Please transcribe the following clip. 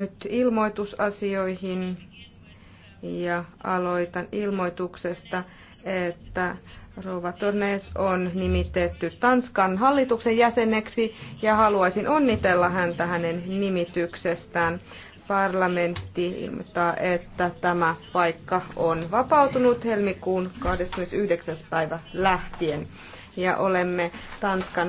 nyt ilmoitusasioihin ja aloitan ilmoituksesta, että Rova Tornes on nimitetty Tanskan hallituksen jäseneksi ja haluaisin onnitella häntä hänen nimityksestään. Parlamentti ilmoittaa, että tämä paikka on vapautunut helmikuun 29. päivä lähtien ja olemme Tanskan